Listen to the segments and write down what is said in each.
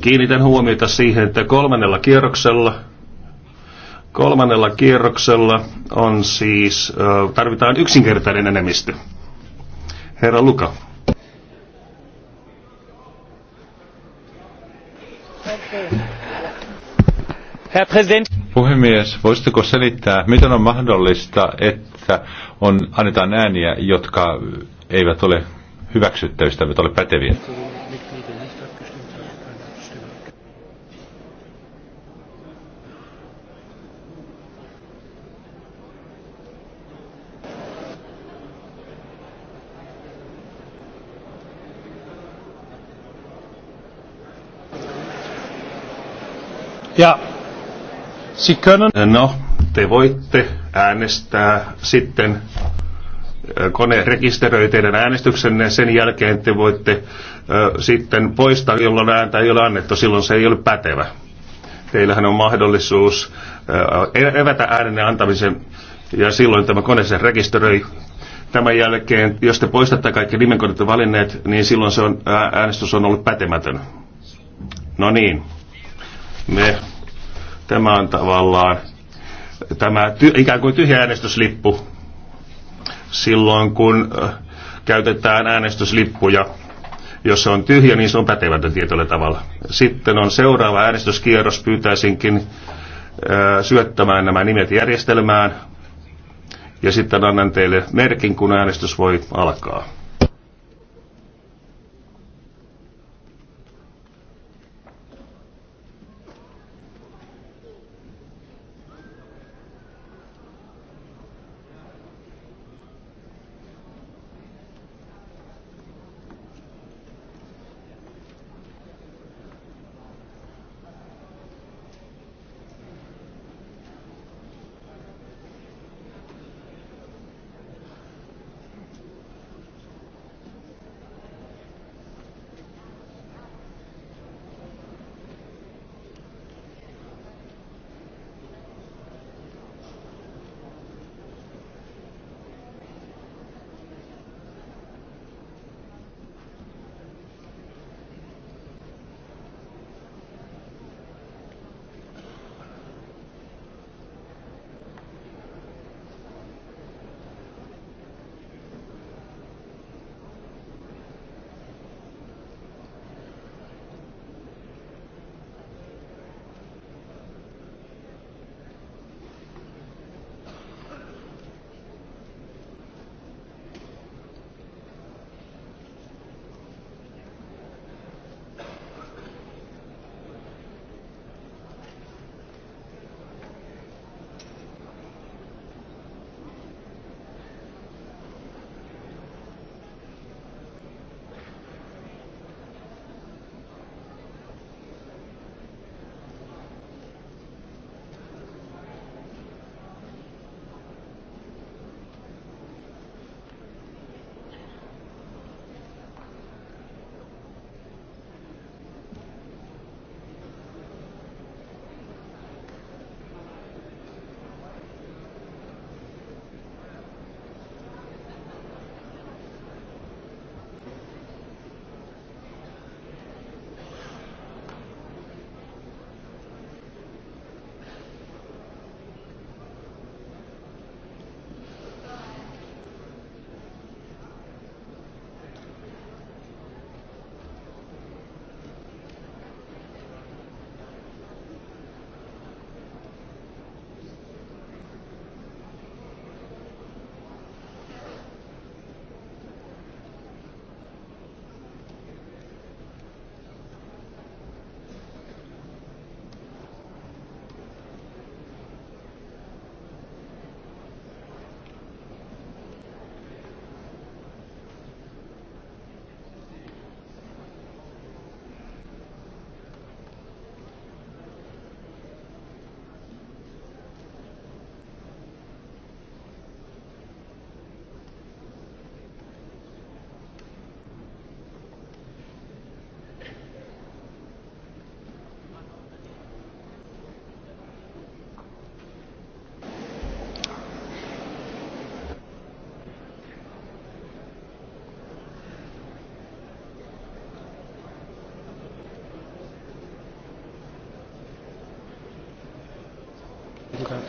Kiinnitän huomiota siihen, että kolmannella kierroksella Kolmannella kierroksella on siis, tarvitaan yksinkertainen enemmistö. Herra Luka. Herr presidentti. Puhemies, voisitteko selittää, miten on mahdollista, että on, annetaan ääniä, jotka eivät ole hyväksyttävistä, eivät ole päteviä? Ja können... No, te voitte äänestää sitten äh, kone rekisteröi teidän äänestyksenne, sen jälkeen te voitte ö, äh, sitten poistaa, jolloin ääntä ei ole annettu, silloin se ei ole pätevä. Teillähän on mahdollisuus ö, äh, e-, evätä äänenne antamisen ja silloin tämä kone sen rekisteröi. Tämän jälkeen, jos te poistatte kaikki nimenkodit valinneet, niin silloin se on, äänestys on ollut pätemätön. No niin, me Tämä on tavallaan tämä ty, ikään kuin tyhjä äänestyslippu silloin, kun käytetään äänestyslippuja. Jos se on tyhjä, niin se on pätevätön tietyllä tavalla. Sitten on seuraava äänestyskierros. Pyytäisinkin syöttämään nämä nimet järjestelmään. Ja sitten annan teille merkin, kun äänestys voi alkaa.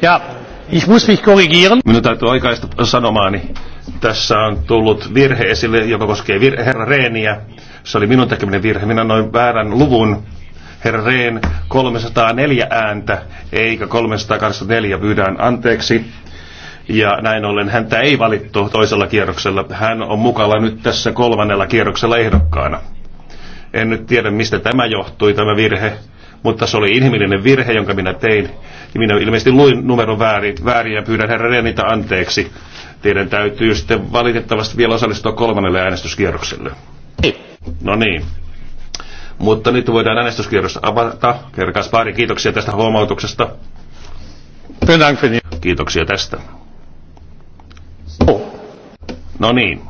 Ja, ich muss mich korrigieren. Minun täytyy oikaista sanomaani. Tässä on tullut virhe esille, joka koskee vir- herra Reeniä. Se oli minun tekeminen virhe. Minä noin väärän luvun. Herra Reen 304 ääntä, eikä 384 pyydään anteeksi. Ja näin ollen häntä ei valittu toisella kierroksella. Hän on mukana nyt tässä kolmannella kierroksella ehdokkaana. En nyt tiedä, mistä tämä johtui, tämä virhe mutta se oli inhimillinen virhe, jonka minä tein. Ja minä ilmeisesti luin numeron väärin, väärin ja pyydän herra Renita anteeksi. Teidän täytyy sitten valitettavasti vielä osallistua kolmannelle äänestyskierrokselle. No niin. Mutta nyt voidaan äänestyskierros avata. Kerkas pari kiitoksia tästä huomautuksesta. Kiitoksia tästä. No niin.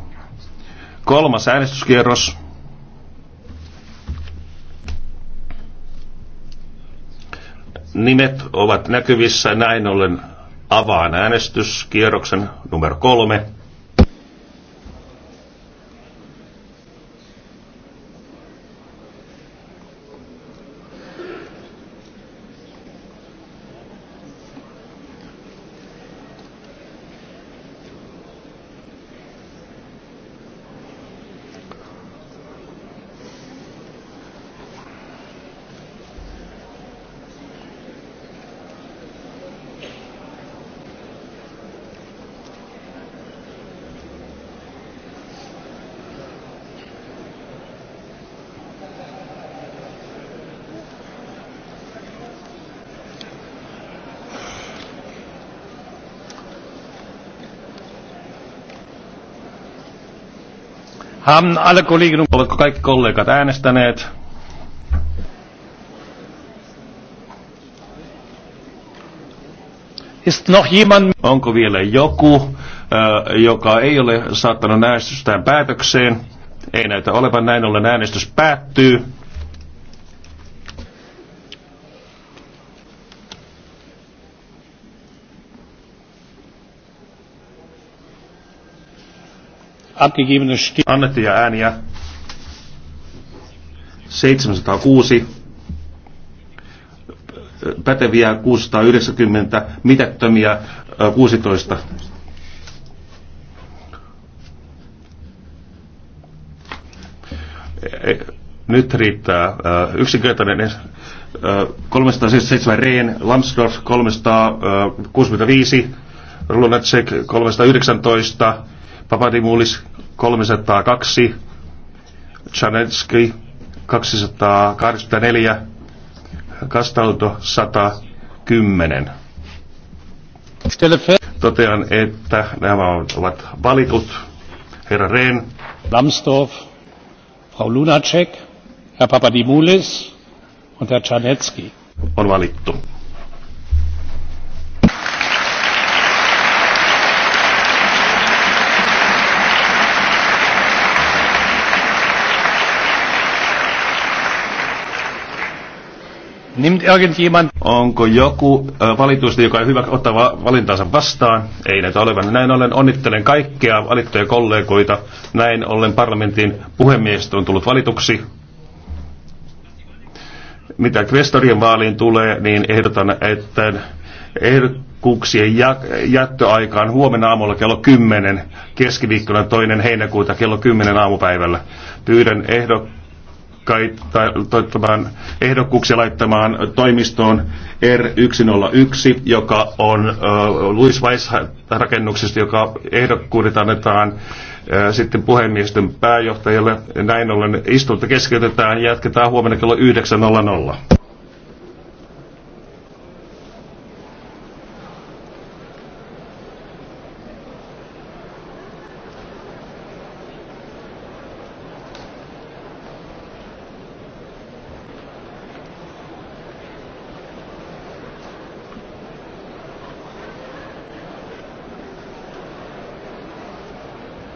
Kolmas äänestyskierros. Nimet ovat näkyvissä, näin ollen avaan äänestyskierroksen numero kolme. Haben alle Kollegen... Oletko kaikki kollegat äänestäneet? Ist noch jemand... Onko vielä joku, joka ei ole saattanut äänestystään päätökseen? Ei näytä olevan näin ollen äänestys päättyy. Annettuja ääniä 706, päteviä 690, mitättömiä 16. E, e, nyt riittää yksinkertainen 377 Rehn, Lambsdorff 365, Rulonacek 319, Papadimulis 302, Chanetski 284, Kastalto 110. Totean, että nämä ovat valitut. Herra Rehn. Lambsdorff, Frau Lunacek, Herr Papadimulis und Herr Czarnetski. On valittu. Onko joku valituista, joka ei hyvä ottaa valintansa vastaan? Ei näitä olevan. Näin ollen onnittelen kaikkea valittuja kollegoita. Näin ollen parlamentin puhemies on tullut valituksi. Mitä kvestorien vaaliin tulee, niin ehdotan, että ehdokkuuksien jättöaika on huomenna aamulla kello 10, keskiviikkona toinen heinäkuuta kello 10 aamupäivällä. Pyydän ehdokkuuksia laittamaan ehdokkuuksia laittamaan toimistoon R101, joka on äh, Louis Weiss-rakennuksesta, joka ehdokkuudet annetaan äh, sitten puhemiestön pääjohtajalle. Näin ollen istunto keskeytetään ja jatketaan huomenna kello 9.00.